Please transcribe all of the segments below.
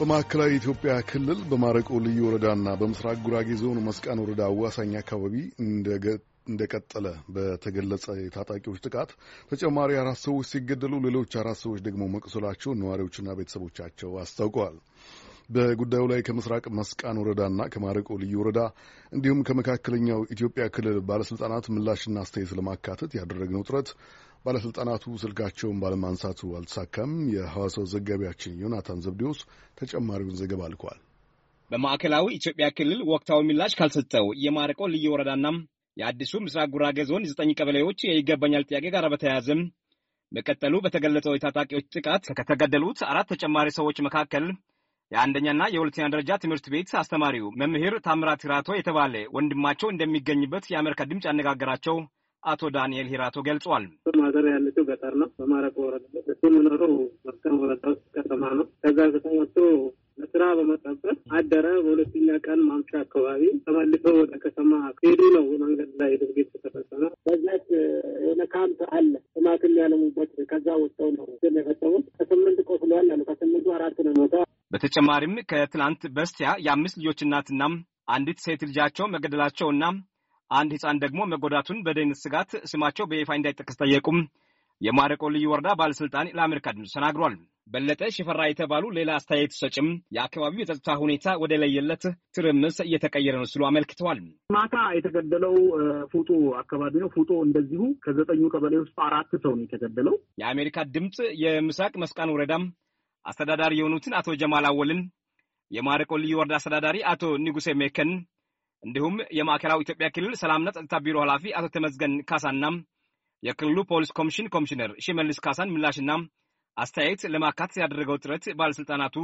በማዕከላዊ ኢትዮጵያ ክልል በማረቆ ልዩ ወረዳና በምስራቅ ጉራጌ ዞን መስቃን ወረዳ አዋሳኝ አካባቢ እንደቀጠለ በተገለጸ የታጣቂዎች ጥቃት ተጨማሪ አራት ሰዎች ሲገደሉ ሌሎች አራት ሰዎች ደግሞ መቁሰላቸውን ነዋሪዎችና ቤተሰቦቻቸው አስታውቀዋል። በጉዳዩ ላይ ከምስራቅ መስቃን ወረዳና ከማረቆ ልዩ ወረዳ እንዲሁም ከመካከለኛው ኢትዮጵያ ክልል ባለስልጣናት ምላሽና አስተያየት ለማካተት ያደረግነው ጥረት ባለስልጣናቱ ስልካቸውን ባለማንሳቱ አልተሳካም። የሐዋሳው ዘጋቢያችን ዮናታን ዘብዴዎስ ተጨማሪውን ዘገባ አልከዋል። በማዕከላዊ ኢትዮጵያ ክልል ወቅታዊ ምላሽ ካልሰጠው የማረቆ ልዩ ወረዳና የአዲሱ ምስራቅ ጉራጌ ዞን ዘጠኝ ቀበሌዎች የይገባኛል ጥያቄ ጋር በተያያዘም መቀጠሉ በተገለጸው የታጣቂዎች ጥቃት ከተገደሉት አራት ተጨማሪ ሰዎች መካከል የአንደኛና የሁለተኛ ደረጃ ትምህርት ቤት አስተማሪው መምህር ታምራት ቲራቶ የተባለ ወንድማቸው እንደሚገኝበት የአሜሪካ ድምፅ ያነጋገራቸው አቶ ዳንኤል ሂራቶ ገልጿል። ማዘር ያለችው ገጠር ነው፣ በማረቆ ወረዳ። እሱ የምኖረው መርካም ወረዳ ውስጥ ከተማ ነው። ከዛ ከተማ ወጥቶ ለስራ በመጣበት አደረ። በሁለተኛ ቀን ማምሻ አካባቢ ተመልሰው ወደ ከተማ ሄዱ ነው። መንገድ ላይ ድርጊት ተፈጸመ። በዛች የሆነ ካምፕ አለ ጥማትም ያለሙበት ከዛ ወጥተው ነው የፈጸሙት። ከስምንት ቆስሏል አሉ። ከስምንቱ አራት ነው ሞታ። በተጨማሪም ከትላንት በስቲያ የአምስት ልጆች እናትና አንዲት ሴት ልጃቸው መገደላቸውና አንድ ህፃን ደግሞ መጎዳቱን በደህንነት ስጋት ስማቸው በይፋ እንዳይጠቀስ ጠየቁም የማረቆ ልዩ ወረዳ ባለስልጣን ለአሜሪካ ድምፅ ተናግሯል። በለጠ ሽፈራ የተባሉ ሌላ አስተያየት ሰጭም የአካባቢው የጸጥታ ሁኔታ ወደ ለየለት ትርምስ እየተቀየረ ነው ሲሉ አመልክተዋል። ማታ የተገደለው ፉጦ አካባቢ ነው። ፉጦ እንደዚሁ ከዘጠኙ ቀበሌ ውስጥ አራት ሰው ነው የተገደለው። የአሜሪካ ድምፅ የምስራቅ መስቃን ወረዳም አስተዳዳሪ የሆኑትን አቶ ጀማል አወልን፣ የማረቆ ልዩ ወረዳ አስተዳዳሪ አቶ ንጉሴ ሜከን እንዲሁም የማዕከላዊ ኢትዮጵያ ክልል ሰላምና ጸጥታ ቢሮ ኃላፊ አቶ ተመዝገን ካሳና የክልሉ ፖሊስ ኮሚሽን ኮሚሽነር ሽመልስ ካሳን ምላሽና አስተያየት ለማካት ያደረገው ጥረት ባለሥልጣናቱ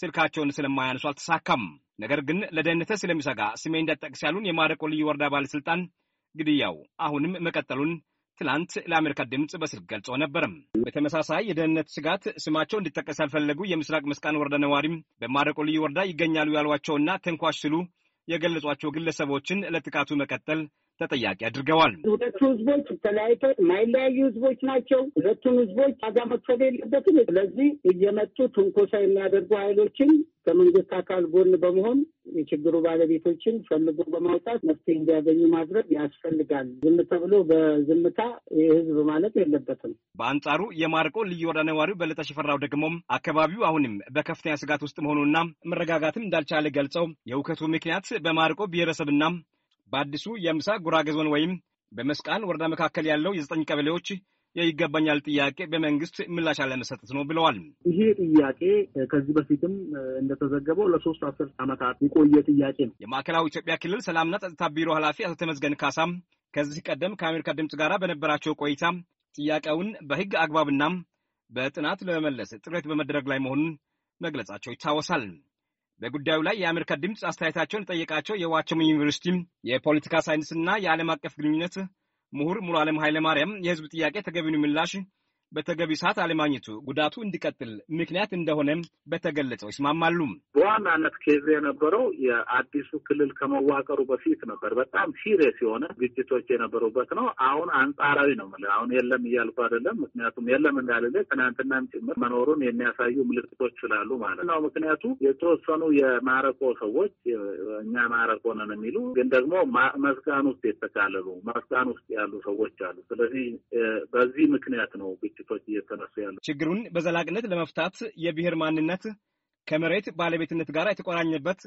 ስልካቸውን ስለማያነሱ አልተሳካም። ነገር ግን ለደህንነት ስለሚሰጋ ስሜ እንዳጠቅስ ያሉን የማረቆ ልዩ ወረዳ ባለሥልጣን ግድያው አሁንም መቀጠሉን ትላንት ለአሜሪካ ድምፅ በስልክ ገልጾ ነበርም። በተመሳሳይ የደህንነት ስጋት ስማቸው እንዲጠቀስ ያልፈለጉ የምስራቅ መስቃን ወረዳ ነዋሪም በማረቆ ልዩ ወረዳ ይገኛሉ ያሏቸውና ተንኳሽ ስሉ የገለጿቸው ግለሰቦችን ለጥቃቱ መቀጠል ተጠያቂ አድርገዋል። ሁለቱ ህዝቦች ተለያይተው የማይለያዩ ህዝቦች ናቸው። ሁለቱም ህዝቦች ዋጋ መክፈል የለበትም። ስለዚህ እየመጡ ትንኮሳ የሚያደርጉ ኃይሎችን ከመንግስት አካል ጎን በመሆን የችግሩ ባለቤቶችን ፈልጎ በማውጣት መፍትሄ እንዲያገኙ ማድረግ ያስፈልጋል። ዝም ተብሎ በዝምታ የህዝብ ማለት የለበትም። በአንጻሩ የማርቆ ልዩ ወረዳ ነዋሪው በለጠ ሽፈራው ደግሞ አካባቢው አሁንም በከፍተኛ ስጋት ውስጥ መሆኑና መረጋጋትም እንዳልቻለ ገልጸው የእውከቱ ምክንያት በማርቆ ብሔረሰብና በአዲሱ የምሳ ጉራጌ ዞን ወይም በመስቃን ወረዳ መካከል ያለው የዘጠኝ ቀበሌዎች የይገባኛል ጥያቄ በመንግስት ምላሽ አለመሰጠት ነው ብለዋል። ይሄ ጥያቄ ከዚህ በፊትም እንደተዘገበው ለሶስት አስር ዓመታት የቆየ ጥያቄ ነው። የማዕከላዊ ኢትዮጵያ ክልል ሰላምና ጸጥታ ቢሮ ኃላፊ አቶ ተመዝገን ካሳ ከዚህ ቀደም ከአሜሪካ ድምፅ ጋር በነበራቸው ቆይታ ጥያቄውን በህግ አግባብና በጥናት ለመመለስ ጥረት በመደረግ ላይ መሆኑን መግለጻቸው ይታወሳል። በጉዳዩ ላይ የአሜሪካ ድምፅ አስተያየታቸውን የጠየቃቸው የዋቸሞ ዩኒቨርሲቲ የፖለቲካ ሳይንስና የዓለም አቀፍ ግንኙነት ምሁር ሙሉ ዓለም ኃይለማርያም የህዝብ ጥያቄ ተገቢውን ምላሽ በተገቢ ሰዓት አለማግኘቱ ጉዳቱ እንዲቀጥል ምክንያት እንደሆነም በተገለጸው ይስማማሉ። በዋናነት ኬዝ የነበረው የአዲሱ ክልል ከመዋቀሩ በፊት ነበር። በጣም ሲሪየስ የሆነ ግጭቶች የነበሩበት ነው። አሁን አንጻራዊ ነው። አሁን የለም እያልኩ አይደለም። ምክንያቱም የለም እንዳልል ትናንትናም ጭምር መኖሩን የሚያሳዩ ምልክቶች ስላሉ ማለት ነው። ምክንያቱ የተወሰኑ የማረቆ ሰዎች እኛ ማረቆ ነን የሚሉ ግን ደግሞ መስጋን ውስጥ የተካለሉ መስጋን ውስጥ ያሉ ሰዎች አሉ። ስለዚህ በዚህ ምክንያት ነው ግጭ ግጭቶች እየተነሱ ያሉ። ችግሩን በዘላቅነት ለመፍታት የብሔር ማንነት ከመሬት ባለቤትነት ጋር የተቆራኘበት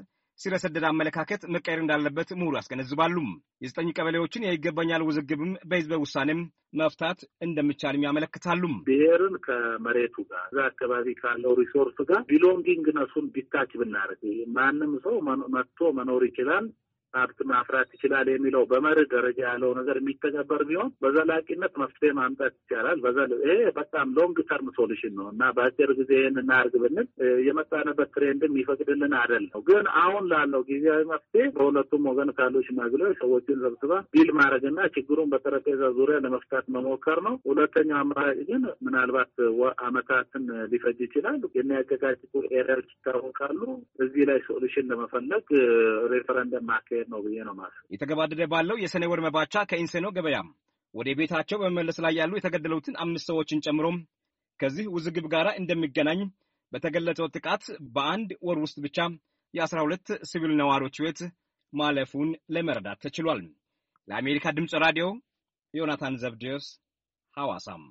ሲረሰደድ አመለካከት መቀየር እንዳለበት ምሁሩ ያስገነዝባሉ። የዘጠኝ ቀበሌዎችን የይገባኛል ውዝግብም በህዝበ ውሳኔም መፍታት እንደሚቻልም ያመለክታሉ። ብሔርን ከመሬቱ ጋር እዛ አካባቢ ካለው ሪሶርስ ጋር ቢሎንጊንግ ነሱን ቢታች ብናደርግ ማንም ሰው መጥቶ መኖር ይችላል። ሀብት ማፍራት ይችላል የሚለው በመርህ ደረጃ ያለው ነገር የሚተገበር ቢሆን በዘላቂነት መፍትሄ ማምጣት ይቻላል። ይሄ በጣም ሎንግ ተርም ሶሉሽን ነው እና በአጭር ጊዜ ይህን እናድርግ ብንል የመጣንበት ትሬንድም ይፈቅድልን ነው። ግን አሁን ላለው ጊዜያዊ መፍትሄ በሁለቱም ወገን ካሉ ሽማግሌዎች ሰዎችን ሰብስባ ቢል ማድረግና ችግሩን በጠረጴዛ ዙሪያ ለመፍታት መሞከር ነው። ሁለተኛው አማራጭ ግን ምናልባት አመታትን ሊፈጅ ይችላል። የሚያጨቃጭቁ ኤሪያዎች ይታወቃሉ። እዚህ ላይ ሶሉሽን ለመፈለግ ሬፈረንደም ማካሄድ ውጤት ነው ብዬ ነው ማለት። የተገባደደ ባለው የሰኔ ወር መባቻ ከኢንሴኖ ገበያም ወደ ቤታቸው በመመለስ ላይ ያሉ የተገደሉትን አምስት ሰዎችን ጨምሮ ከዚህ ውዝግብ ጋር እንደሚገናኝ በተገለጸው ጥቃት በአንድ ወር ውስጥ ብቻ የአስራ ሁለት ሲቪል ነዋሪዎች ህይወት ማለፉን ለመረዳት ተችሏል። ለአሜሪካ ድምፅ ራዲዮ ዮናታን ዘብዴዎስ ሐዋሳም